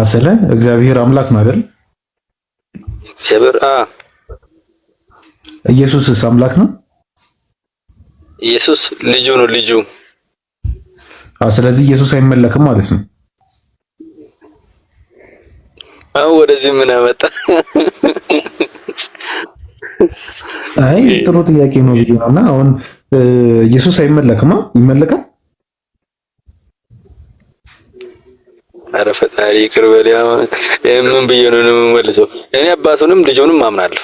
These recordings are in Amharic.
አስለ እግዚአብሔር አምላክ ነው አይደል? ሰብር አ ኢየሱስስ አምላክ ነው? ኢየሱስ ልጁ ነው ልጁ። ስለዚህ ኢየሱስ አይመለክም ማለት ነው። አሁን ወደዚህ ምን አመጣ? አይ ጥሩ ጥያቄ ነው ብዬ አሁን ኢየሱስ አይመለክማ? ይመለካል አረ ፈጣሪ ይቅር በል። ምን ብዬ ነው የምመልሰው? እኔ አባቱንም ልጁንም አምናለሁ።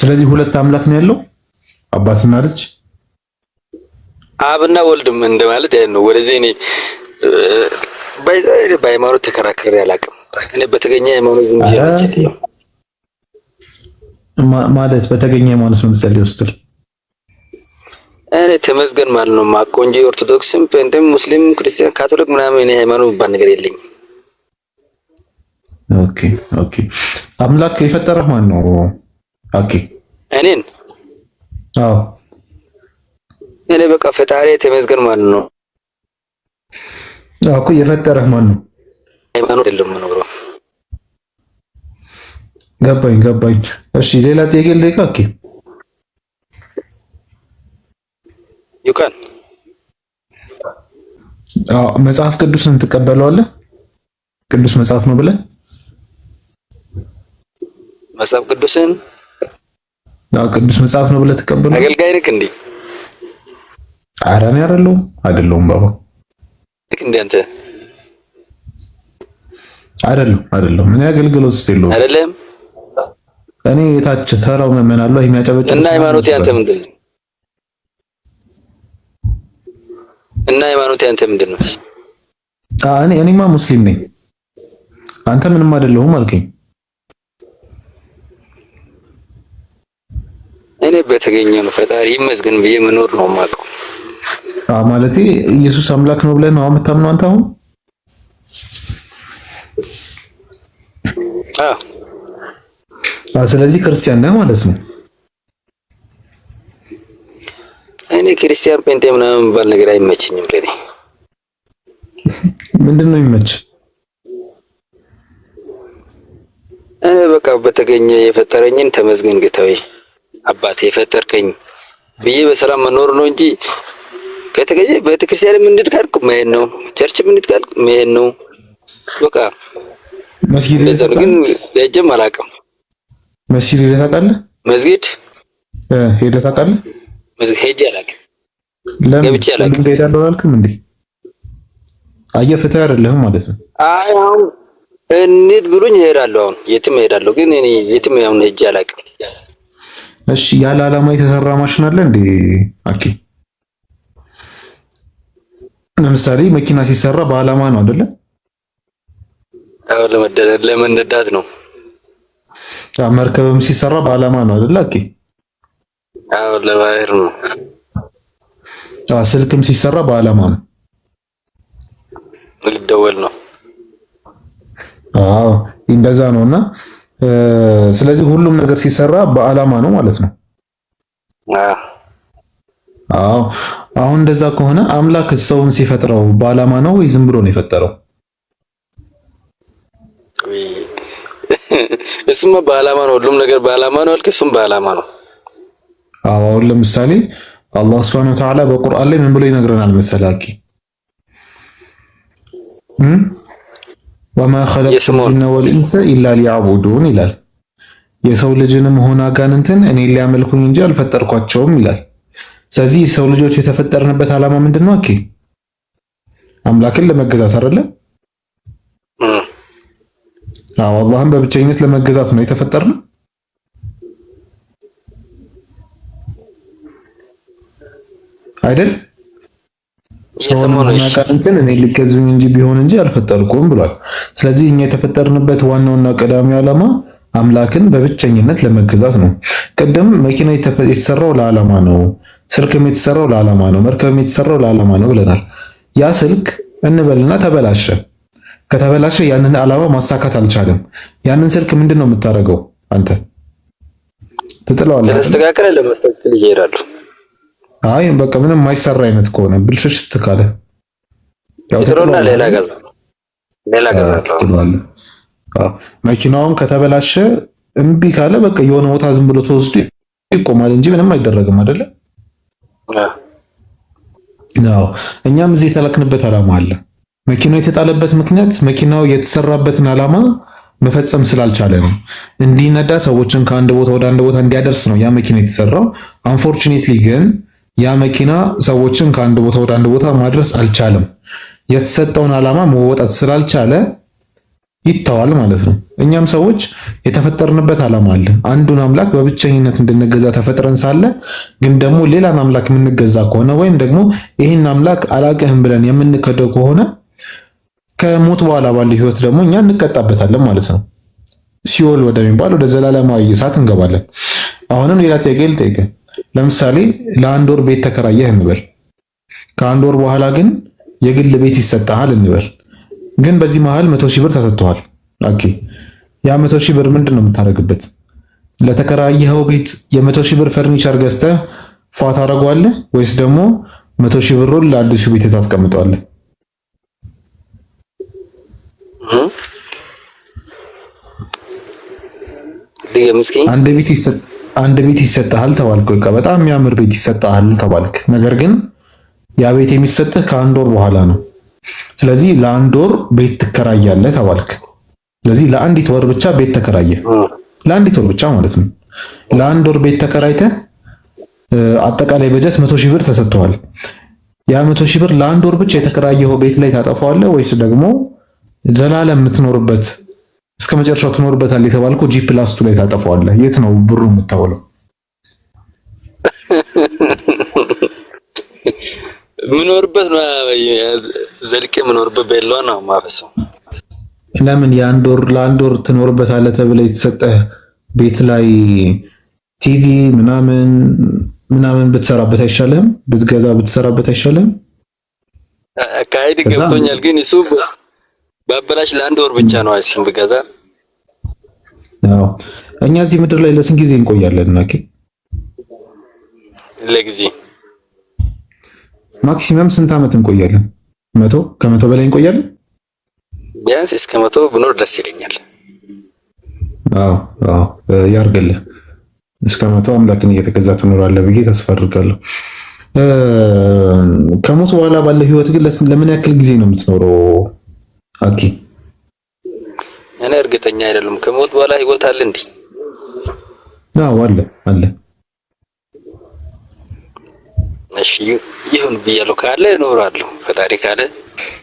ስለዚህ ሁለት አምላክ ነው ያለው አባትና ልጅ አብና ወልድም እንደማለት ያን ነው። ወደዚህ እኔ ባይዛይ በሃይማኖት ተከራክሬ አላውቅም። እኔ በተገኘ ሃይማኖት ዝም ብዬ ነው ማለት በተገኘ ሃይማኖት ነው የምትጸልየው ስትል እኔ ተመስገን ማለት ነው የማውቀው እንጂ ኦርቶዶክስም፣ ጴንጤም፣ ሙስሊም፣ ክርስቲያን፣ ካቶሊክ ምናምን እኔ ሃይማኖት የሚባል ነገር የለኝ። ኦኬ ኦኬ። አምላክ የፈጠረህ ማን ነው? ኦኬ እኔን? አዎ እኔ በቃ ፈጣሪ ተመስገን ማለት ነው። አኩ እኮ የፈጠረህ ማን ነው? ሃይማኖት የለም ነው ብሎ ገባኝ ገባኝ። እሺ ሌላ ጥያቄ ልጠይቅህ። ኦኬ ዩካን መጽሐፍ ቅዱስን ትቀበለዋለህ? ቅዱስ መጽሐፍ ነው ብለህ መጽሐፍ ቅዱስን ቅዱስ መጽሐፍ ነው ብለህ ትቀበለዋለህ? አገልጋይ ነህ እንዴ? ኧረ እኔ አይደለሁም አይደለሁም ባባ ልክ እንደ አንተ አይደለሁም አይደለሁም። እኔ አገልግሎት ውስጥ የለሁም። አይደለም እኔ የታች ተራው መመናለሁ የሚያጨበጭብ እና ሃይማኖት ያንተ ምንድን ነው? እና ሃይማኖት ያንተ ምንድን ነው? እኔ እኔማ ሙስሊም ነኝ። አንተ ምንም አይደለሁም አልከኝ። እኔ በተገኘ ነው ፈጣሪ ይመስገን ብዬ መኖር ነው የማውቀው። አ ማለት ኢየሱስ አምላክ ነው ብለህ ነው የምታምነው አንተ አሁን? ስለዚህ ክርስቲያን ነህ ማለት ነው። እኔ ክርስቲያን ጴንጤ ምናምን የሚባል ነገር አይመችኝም። ለኔ ምንድን ነው የሚመች? እኔ በቃ በተገኘ የፈጠረኝን ተመስገን ጌታዬ፣ አባቴ የፈጠርከኝ ብዬ በሰላም መኖር ነው እንጂ ከተገኘ ቤተክርስቲያን ምንድን ካልኩ መሄድ ነው፣ ቸርች ምንድን ካልኩ መሄድ ነው። በቃ መስጊድ ግን ሄጄም አላውቅም። መስጊድ ሄደህ ታውቃለህ? መስጊድ ሄደህ ታውቃለህ? ሄጄ አላውቅም። ለምን እሄዳለሁ አላልክም እንዴ? አየህ ፍትህ አይደለህም ማለት ነው። አይ አሁን እንሂድ ብሎኝ እሄዳለሁ። አሁን የትም እሄዳለሁ፣ ግን እኔ የትም ያው ሄጄ አላውቅም። እሺ ያለ ዓላማ የተሰራ ማሽን አለ እንዴ? አኪ ለምሳሌ መኪና ሲሰራ በዓላማ ነው አይደለ? አሁን ለመነዳት ነው። መርከብም ሲሰራ በዓላማ ነው አይደለ? አኪ አዎ ለባህር ነው። ስልክም ሲሰራ በአላማ ነው። ልደወል ነው። አዎ እንደዛ ነው። እና ስለዚህ ሁሉም ነገር ሲሰራ በአላማ ነው ማለት ነው። አዎ አሁን እንደዛ ከሆነ አምላክ ሰውን ሲፈጥረው በአላማ ነው ወይ ዝም ብሎ ነው የፈጠረው? እሱማ በአላማ ነው። ሁሉም ነገር በአላማ ነው አልክ። እሱም ነው አሁን ለምሳሌ አላህ ስብሐነ ወተዓላ በቁርአን ላይ ምን ብሎ ይነግረናል መሰላኪ ወማ ኸለቅቱል ወል ኢንሰ ኢላ ሊያዕቡዱን ይላል። የሰው ልጅንም ሆነ አጋንንትን እኔ ሊያመልኩኝ እንጂ አልፈጠርኳቸውም ይላል። ስለዚህ የሰው ልጆች የተፈጠርንበት ዓላማ ምንድን ነው? አኬ አምላክን ለመገዛት አይደለ? አዎ አላህን በብቸኝነት ለመገዛት ነው የተፈጠርነው። አይደል? ሰውንናቃንትን እኔ ልገዙኝ እንጂ ቢሆን እንጂ አልፈጠርኩም ብሏል። ስለዚህ እኛ የተፈጠርንበት ዋናውና ቀዳሚ ዓላማ አምላክን በብቸኝነት ለመገዛት ነው። ቅድም መኪና የተሰራው ለዓላማ ነው፣ ስልክም የተሰራው ለዓላማ ነው፣ መርከብም የተሰራው ለዓላማ ነው ብለናል። ያ ስልክ እንበልና ተበላሸ። ከተበላሸ ያንን ዓላማ ማሳካት አልቻለም። ያንን ስልክ ምንድን ነው የምታደርገው አንተ? ትጥለዋለህ። ከተስተካከለ ለመስተካከል ይሄዳሉ አይ በቃ ምንም የማይሰራ አይነት ከሆነ ብልሽሽ ትካለ ሌላ ሌላ መኪናውም ከተበላሸ እምቢ ካለ በቃ የሆነ ቦታ ዝም ብሎ ተወስዶ ይቆማል እንጂ ምንም አይደረግም አይደለ? ነው እኛም እዚህ የተላክንበት ዓላማ አለ። መኪናው የተጣለበት ምክንያት መኪናው የተሰራበትን ዓላማ መፈጸም ስላልቻለ ነው። እንዲነዳ ሰዎችን ከአንድ ቦታ ወደ አንድ ቦታ እንዲያደርስ ነው ያ መኪና የተሰራው። አንፎርቹኔትሊ ግን ያ መኪና ሰዎችን ከአንድ ቦታ ወደ አንድ ቦታ ማድረስ አልቻለም። የተሰጠውን ዓላማ መወጣት ስላልቻለ ይተዋል ማለት ነው። እኛም ሰዎች የተፈጠርንበት ዓላማ አለ። አንዱን አምላክ በብቸኝነት እንድንገዛ ተፈጥረን ሳለ ግን ደግሞ ሌላን አምላክ የምንገዛ ከሆነ ወይም ደግሞ ይህን አምላክ አላቅህም ብለን የምንከደው ከሆነ ከሞት በኋላ ባለው ህይወት ደግሞ እኛ እንቀጣበታለን ማለት ነው። ሲኦል ወደሚባል ወደ ዘላለማዊ እሳት እንገባለን። አሁንም ሌላ ጥያቄ ልጠይቅህ። ለምሳሌ ለአንድ ወር ቤት ተከራየህ እንበል። ከአንድ ወር በኋላ ግን የግል ቤት ይሰጣሃል እንበል። ግን በዚህ መሀል መቶ ሺህ ብር ተሰጥቷል። ኦኬ፣ ያ መቶ ሺህ ብር ምንድን ነው የምታደርግበት? ለተከራየኸው ቤት የመቶ ሺህ ብር ፈርኒቸር ገዝተህ ፏ ታደርገዋለህ ወይስ ደግሞ መቶ ሺህ ብሩን ለአዲሱ ቤት ታስቀምጠዋለህ? አንድ ቤት ይሰጥ አንድ ቤት ይሰጥሃል ተባልክ። በቃ በጣም የሚያምር ቤት ይሰጥሃል ተባልክ። ነገር ግን ያ ቤት የሚሰጥህ ከአንድ ወር በኋላ ነው። ስለዚህ ለአንድ ወር ቤት ትከራያለህ ተባልክ። ስለዚህ ለአንዲት ወር ብቻ ቤት ተከራየህ፣ ለአንዲት ወር ብቻ ማለት ነው። ለአንድ ወር ቤት ተከራይተ አጠቃላይ በጀት መቶ ሺህ ብር ተሰጥቷል። ያ መቶ ሺህ ብር ለአንድ ወር ብቻ የተከራየኸው ቤት ላይ ታጠፈዋለህ ወይስ ደግሞ ዘላለም የምትኖርበት እስከ መጨረሻው ትኖርበታል የተባልኮ ጂ ፕላስ ላይ ታጠፈዋለህ። የት ነው ብሩ የምታውለው? ምኖርበት ዘልቄ ምኖርበት ቤሎ ነው ማፈሰው። ለምን የአንድ ወር ለአንድ ወር ትኖርበታለህ ተብለ የተሰጠህ ቤት ላይ ቲቪ ምናምን ምናምን ብትሰራበት አይሻልም? ብትገዛ ብትሰራበት አይሻልም? አካሄድ ገብቶኛል፣ ግን እሱ በአበላሽ ለአንድ ወር ብቻ ነው አይሱም ብገዛ እኛ እዚህ ምድር ላይ ለስንት ጊዜ እንቆያለን? ናኪ ለጊዜ ማክሲመም ስንት ዓመት እንቆያለን? መቶ ከመቶ በላይ እንቆያለን። ቢያንስ እስከ መቶ ብኖር ደስ ይለኛል። አዎ አዎ፣ ያርግልህ። እስከ መቶ አምላክን እየተገዛ ትኖራለህ ብዬ ተስፋ አድርጋለሁ። ከሞት በኋላ ባለው ህይወት ግን ለምን ያክል ጊዜ ነው የምትኖረው አኪ? እኔ እርግጠኛ አይደለም። ከሞት በኋላ ህይወት አለ እንዴ? አዎ አለ አለ። እሺ ይሁን ብያለሁ። ካለ እኖራለሁ። ፈጣሪ ካለ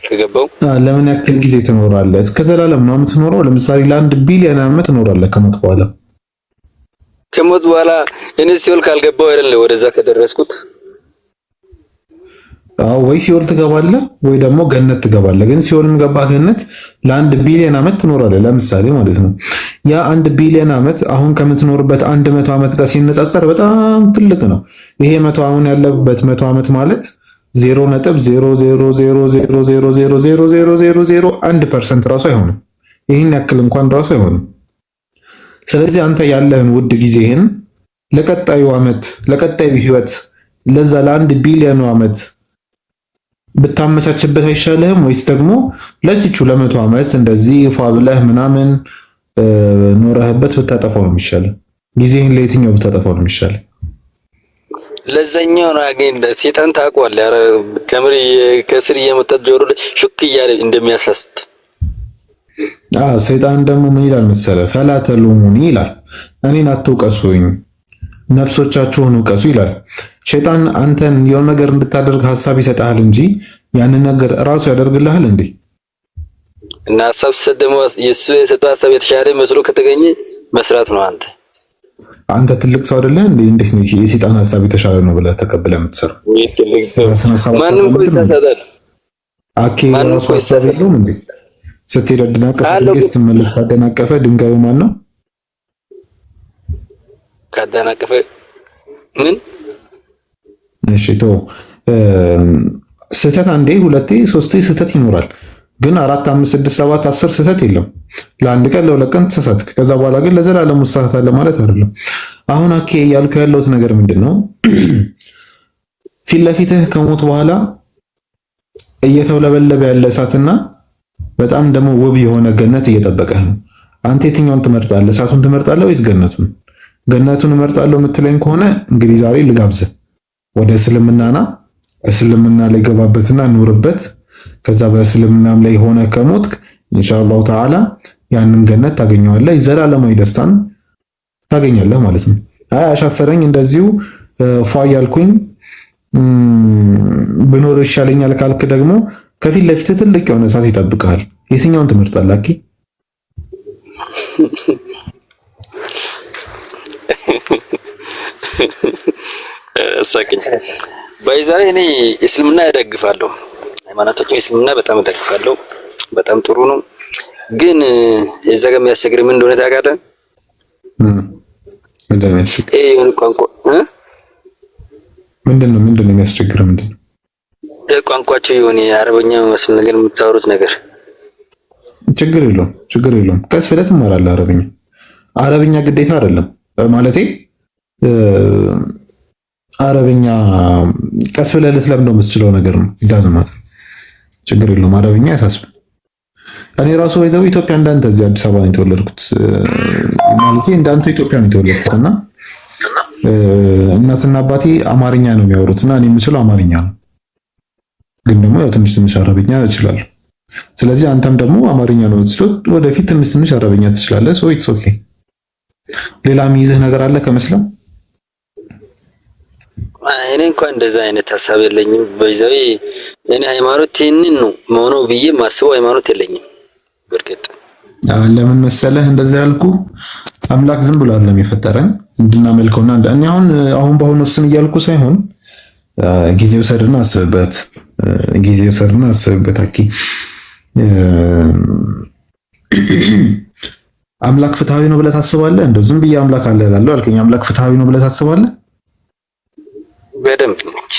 ከገባው ለምን ያክል ጊዜ ትኖራለህ? እስከ ዘላለም ነው የምትኖረው? ለምሳሌ ለአንድ ቢሊዮን ዓመት አለ ከሞት በኋላ ከሞት በኋላ እኔ ሲኦል ካልገባው አይደለ ወደዛ ከደረስኩት ወይ ሲኦል ትገባለህ ወይ ደግሞ ገነት ትገባለህ። ግን ሲኦልም ገባ ገነት ለአንድ ቢሊዮን ዓመት ትኖራለህ። ለምሳሌ ማለት ነው ያ አንድ ቢሊዮን ዓመት አሁን ከምትኖርበት አንድ መቶ ዓመት ጋር ሲነጻጸር በጣም ትልቅ ነው። ይሄ መቶ አሁን ያለበት መቶ ዓመት ማለት ዜሮ ነጥብ ዜሮ ዜሮ ዜሮ ዜሮ ዜሮ ዜሮ ዜሮ ዜሮ ዜሮ ዜሮ አንድ ፐርሰንት ራሱ አይሆንም። ይህን ያክል እንኳን ራሱ አይሆንም። ስለዚህ አንተ ያለህን ውድ ጊዜህን ለቀጣዩ ዓመት ለቀጣዩ ህይወት ለዛ ለአንድ ቢሊዮኑ ዓመት ብታመቻችበት አይሻልህም? ወይስ ደግሞ ለዚቹ ለመቶ ዓመት እንደዚህ ፏ ብለህ ምናምን ኖረህበት ብታጠፋው ነው የሚሻል? ጊዜህን ለየትኛው ብታጠፋው ነው የሚሻል? ለዛኛው ነው እንደ ሴጣን ታውቀዋለህ። ኧረ ከምር ከስር እየመጣት ጆሮ ሹክ እያለ እንደሚያሳስት ሰይጣን ደግሞ ምን ይላል መሰለ፣ ፈላተሉሙኒ ይላል፣ እኔን አትውቀሱኝ፣ ነፍሶቻችሁን ውቀሱ ይላል። ሸይጣን አንተን የሆነ ነገር እንድታደርግ ሀሳብ ይሰጥሃል እንጂ ያንን ነገር እራሱ ያደርግልሃል እንዴ? እና ሀሳብ ሲሰጥ ደግሞ የሱ የሰጠው ሀሳብ የተሻለ መስሎ ከተገኘ መስራት ነው። አንተ አንተ ትልቅ ሰው አይደለህ እንዴ? እንዴት ነው የሰይጣን ሀሳብ የተሻለ ነው ብለህ ተቀብለህ የምትሰራው? ማንም እኮ ይሳሳታል። አኬ ራሱ ሀሳብ የለውም እንዴ? ስትሄድ አደናቀፈ፣ ድንገት ስትመለስ ካደናቀፈ ድንጋዩ ማን ነው? ካደናቀፈ ምን ሽቶ ስህተት አንዴ ሁለቴ ሶስቴ ስህተት ይኖራል። ግን አራት፣ አምስት፣ ስድስት፣ ሰባት፣ አስር ስህተት የለም። ለአንድ ቀን ለሁለት ቀን ተሳሳትክ፣ ከዛ በኋላ ግን ለዘላለም ውሳት አለ ማለት አይደለም። አሁን አኬ እያልኩ ያለሁት ነገር ምንድን ነው? ፊት ለፊትህ ከሞት በኋላ እየተውለበለበ ያለ እሳትና በጣም ደግሞ ውብ የሆነ ገነት እየጠበቀህ ነው። አንተ የትኛውን ትመርጣለህ? እሳቱን ትመርጣለህ ወይስ ገነቱን? ገነቱን እመርጣለሁ የምትለኝ ከሆነ እንግዲህ ዛሬ ልጋብዝህ። ወደ እስልምናና እስልምና ላይ ገባበትና ኑርበት። ከዛ በእስልምናም ላይ ሆነ ከሞት ኢንሻአላሁ ተዓላ ያንን ገነት ታገኘዋለህ። ዘላለማዊ ደስታን ታገኛለህ ማለት ነው። አይ አሻፈረኝ፣ እንደዚሁ ፏ ብኖር ይሻለኛል ካልክ ደግሞ ከፊት ለፊት ትልቅ የሆነ እሳት ይጠብቅሃል። የትኛውን ትመርጣለህ? እሳቀኝ በይዛ እኔ እስልምና እደግፋለሁ። ሃይማኖታችን እስልምና በጣም እደግፋለሁ። በጣም ጥሩ ነው። ግን እዛ ጋር የሚያስቸግር ምን እንደሆነ ታውቃለህ? ምንድን ነው የሚያስቸግር? ይሄ ቋንቋ ምንድን ነው ምንድን ነው የሚያስቸግር? ምንድን ነው ቋንቋቸው የሆነ አረበኛ መስል ነገር የምታወሩት ነገር ችግር የለውም፣ ችግር የለውም። ቀስ ብለህ ትማራለህ አረብኛ። አረበኛ ግዴታ አይደለም ማለቴ አረብኛ ቀስ ብለህ ልትለምደው የምትችለው ነገር ነው። ይዳዝማት ችግር የለውም። አረብኛ ያሳስብ። እኔ ራሱ ወይዘው ኢትዮጵያ እንዳንተ እዚህ አዲስ አበባ ነው የተወለድኩት፣ ማለት እንዳንተ ኢትዮጵያ ነው የተወለድኩት እና እናትና አባቴ አማርኛ ነው የሚያወሩት እና እኔ የምችለው አማርኛ ነው፣ ግን ደግሞ ያው ትንሽ ትንሽ አረብኛ እችላለሁ። ስለዚህ አንተም ደግሞ አማርኛ ነው የምትችለው፣ ወደፊት ትንሽ ትንሽ አረብኛ ትችላለህ። ሶ ኢትስ ኦኬ። ሌላ የሚይዝህ ነገር አለ ከመስለም እኔ እንኳን እንደዛ አይነት ሀሳብ የለኝም። በዛዊ እኔ ሃይማኖት ይህንን ነው መሆኑ ብዬ ማስበው ሃይማኖት የለኝም። በእርግጥ አሁን ለምን መሰለህ እንደዛ ያልኩ አምላክ ዝም ብሎ አይደለም የፈጠረን እንድናመልከውና እኔ አሁን አሁን በአሁኑ ስም እያልኩ ሳይሆን ጊዜው ውሰድና አስብበት፣ ጊዜው ውሰድና አስብበት። አኪ አምላክ ፍትሃዊ ነው ብለህ ታስባለህ? እንደው ዝም ብዬ አምላክ አለ እላለሁ አልከኝ። አምላክ ፍትሃዊ ነው ብለህ ታስባለህ? በደንብ ነች።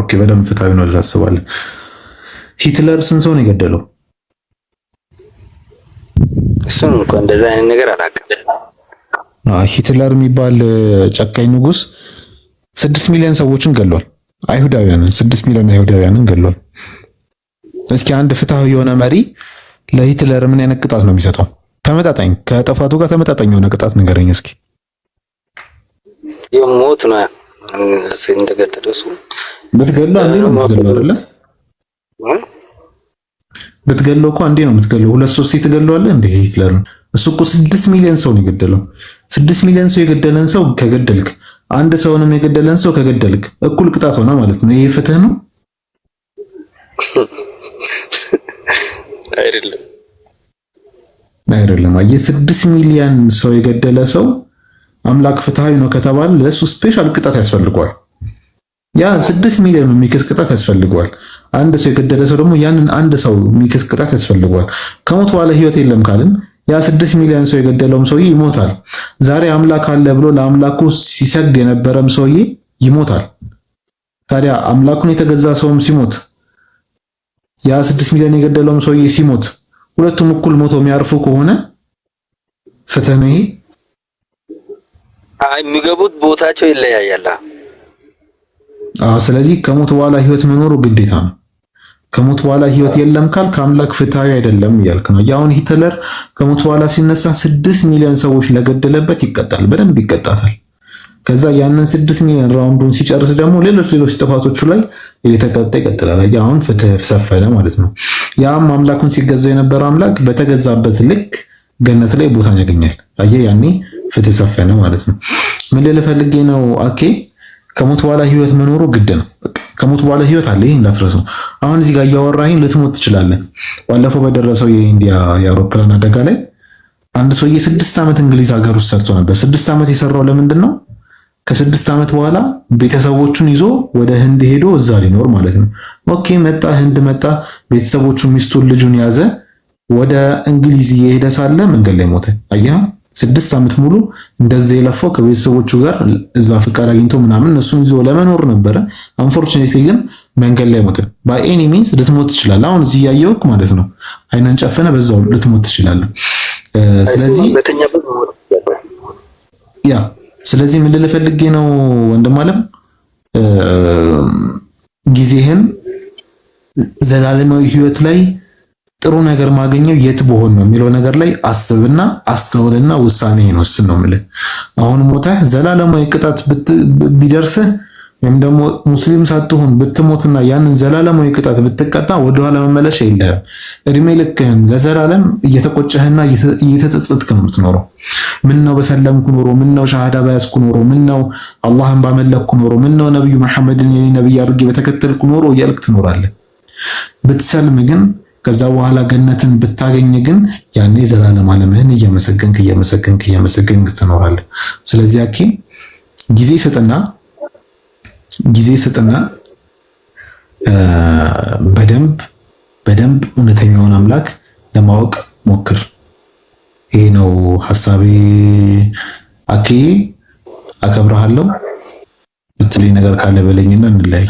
ኦኬ፣ በደንብ ፍትሐዊ ነው ታስባለን። ሂትለር ስንት ሰው ነው የገደለው? እሱን እንኳን እንደዛ አይነት ነገር አላውቅም። ሂትለር የሚባል ጨካኝ ንጉስ ስድስት ሚሊዮን ሰዎችን ገሏል። አይሁዳውያንን ስድስት ሚሊዮን አይሁዳውያንን ገሏል። እስኪ አንድ ፍትሐዊ የሆነ መሪ ለሂትለር ምን አይነት ቅጣት ነው የሚሰጠው? ተመጣጣኝ ከጥፋቱ ጋር ተመጣጣኝ የሆነ ቅጣት ንገረኝ እስኪ። የሞት ነው እንደገጠደ እሱ ብትገለው አንዴ ነው የምትገለው አይደለ? ብትገለው እኮ አንዴ ነው የምትገለው። ሁለት ሶስት ትገለዋለህ እንደ ሂትለር እሱ እኮ ስድስት ሚሊዮን ሰው ነው የገደለው። ስድስት ሚሊዮን ሰው የገደለን ሰው ከገደልክ አንድ ሰውንም የገደለን ሰው ከገደልክ እኩል ቅጣት ሆነ ማለት ነው። ይሄ ፍትህ ነው አይደለም? አይደለም። አየህ ስድስት ሚሊዮን ሰው የገደለ ሰው አምላክ ፍትሃዊ ነው ከተባለ ለእሱ ስፔሻል ቅጣት ያስፈልገዋል። ያ ስድስት ሚሊዮን የሚክስ ቅጣት ያስፈልገዋል። አንድ ሰው የገደለ ሰው ደግሞ ያንን አንድ ሰው የሚክስ ቅጣት ያስፈልገዋል። ከሞት በኋላ ህይወት የለም ካልን ያ ስድስት ሚሊዮን ሰው የገደለውም ሰውዬ ይሞታል። ዛሬ አምላክ አለ ብሎ ለአምላኩ ሲሰግድ የነበረም ሰውዬ ይሞታል። ታዲያ አምላኩን የተገዛ ሰውም ሲሞት ያ ስድስት ሚሊዮን የገደለውም ሰውዬ ሲሞት ሁለቱም እኩል ሞተው የሚያርፉ ከሆነ ፍትህ ነው ይሄ? የሚገቡት ቦታቸው ይለያያል። ስለዚህ ከሞት በኋላ ህይወት መኖሩ ግዴታ ነው። ከሞት በኋላ ህይወት የለም ካል ከአምላክ ፍትሃዊ አይደለም እያልክ ነው። ሂትለር ከሞት በኋላ ሲነሳ ስድስት ሚሊዮን ሰዎች ለገደለበት ይቀጣል፣ በደንብ ይቀጣታል። ከዛ ያንን ስድስት ሚሊዮን ራውንዱን ሲጨርስ ደግሞ ሌሎች ሌሎች ጥፋቶቹ ላይ እየተቀጣ ይቀጥላል። አሁን ፍትህ ሰፈነ ማለት ነው። ያም አምላኩን ሲገዛ የነበረ አምላክ በተገዛበት ልክ ገነት ላይ ቦታን ያገኛል። አየህ ያኔ ፍትህ ሰፈነ ማለት ነው። ምን ልፈልጌ ነው? አኬ ከሞት በኋላ ህይወት መኖሩ ግድ ነው። ከሞት በኋላ ህይወት አለ። ይሄን እንዳትረሱ። አሁን እዚህ ጋር እያወራኸኝ ልትሞት ትችላለህ። ባለፈው በደረሰው የኢንዲያ የአውሮፕላን አደጋ ላይ አንድ ሰውዬ ስድስት ዓመት እንግሊዝ ሀገር ውስጥ ሰርቶ ነበር። ስድስት ዓመት የሰራው ለምንድን ነው? ከስድስት ዓመት በኋላ ቤተሰቦቹን ይዞ ወደ ህንድ ሄዶ እዛ ሊኖር ማለት ነው። ኦኬ መጣ፣ ህንድ መጣ፣ ቤተሰቦቹን፣ ሚስቱን፣ ልጁን ያዘ። ወደ እንግሊዝ እየሄደ ሳለ መንገድ ላይ ሞተ። አየኸው? ስድስት ዓመት ሙሉ እንደዚህ የለፋው ከቤተሰቦቹ ጋር እዛ ፍቃድ አግኝቶ ምናምን እሱን ይዞ ለመኖር ነበረ። አንፎርቹኔትሊ ግን መንገድ ላይ ሞተ። ባይ ኤኒ ሚንስ ልትሞት ትችላለህ። አሁን እዚህ እያየሁህ ማለት ነው። አይነን ጨፍነ በዛው ልትሞት ትችላለህ። ስለዚህ ያ ስለዚህ ምን ልልህ ፈልጌ ነው ወንድም አለም ጊዜህን ዘላለማዊ ህይወት ላይ ጥሩ ነገር ማገኘው የት በሆን ነው የሚለው ነገር ላይ አስብና አስተውልና ውሳኔ ወስን ነው የምልህ። አሁን ሞተህ ዘላለማዊ ቅጣት ቢደርስህ ወይም ደግሞ ሙስሊም ሳትሆን ብትሞትና ያንን ዘላለማዊ ቅጣት ብትቀጣ ወደኋላ መመለሻ የለህም። እድሜ ልክህን ለዘላለም እየተቆጨህና እየተጸጸትክ ነው የምትኖረው። ምነው በሰለምኩ ኖሮ፣ ምነው ሻሃዳ በያዝኩ ኖሮ፣ ምነው አላህን ባመለክኩ ኖሮ፣ ምነው ነብዩ መሐመድን የኔ ነብይ አድርጌ በተከተልኩ ኖሮ እያልክ ትኖራለህ። ብትሰልም ግን ከዛ በኋላ ገነትን ብታገኝ ግን ያኔ ዘላለም ዓለምህን እየመሰገንክ እየመሰገንክ እየመሰገንክ ትኖራለህ። ስለዚህ አኬ ጊዜ ስጥና ጊዜ ስጥና በደንብ በደንብ እውነተኛውን አምላክ ለማወቅ ሞክር። ይሄ ነው ሐሳቤ። አኪ አከብረሃለሁ። ብትለኝ ነገር ካለ በለኝና እንለያይ።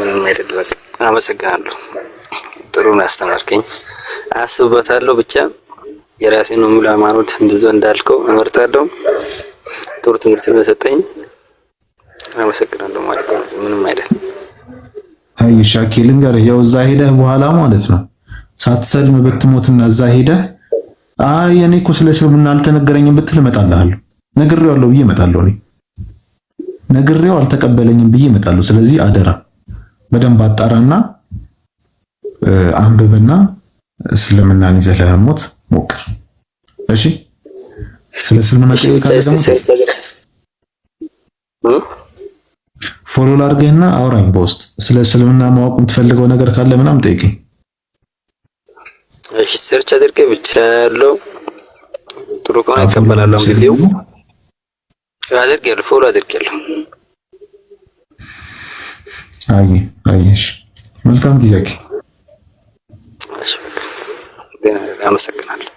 ምንም አይደለም አመሰግናለሁ። ጥሩ ነው ያስተማርከኝ። አስብበታለሁ። ብቻ የራሴን ሙሉ ሃይማኖት እንደዛ እንዳልከው እመርጣለሁ። ጥሩ ትምህርት ስለሰጠኝ አመሰግናለሁ ማለት ነው። ምንም አይደል። አይ ሻኪል ልንገርህ፣ ያው እዛ ሄደህ በኋላ ማለት ነው ሳትሰልም ብትሞትና እዛ ሄደህ አይ እኔ እኮ ስለ እስልምና አልተነገረኝም ብትል እመጣልሃለሁ። ነግሬዋለሁ ብዬ እመጣለሁ። እኔ ነግሬው አልተቀበለኝም ብዬ እመጣለሁ። ስለዚህ አደራ በደንብ አጣራና አንብብና እስልምናን ይዘህ ለመሞት ሞክር። እሺ፣ ስለ እስልምና ጥያቄ ፎሎ ላድርግህና አውራኝ በውስጥ ስለ እስልምና ማወቅ የምትፈልገው ነገር ካለ ምናምን ጠይቀኝ። እሺ፣ ሰርች አድርጌ ብቻ ያለው ጥሩ ከሆነ ይቀበላለሁ። እንግዲህ አድርጌ ፎሎ አድርጌ አየ አየሽ። መልካም ጊዜ። አመሰግናለሁ።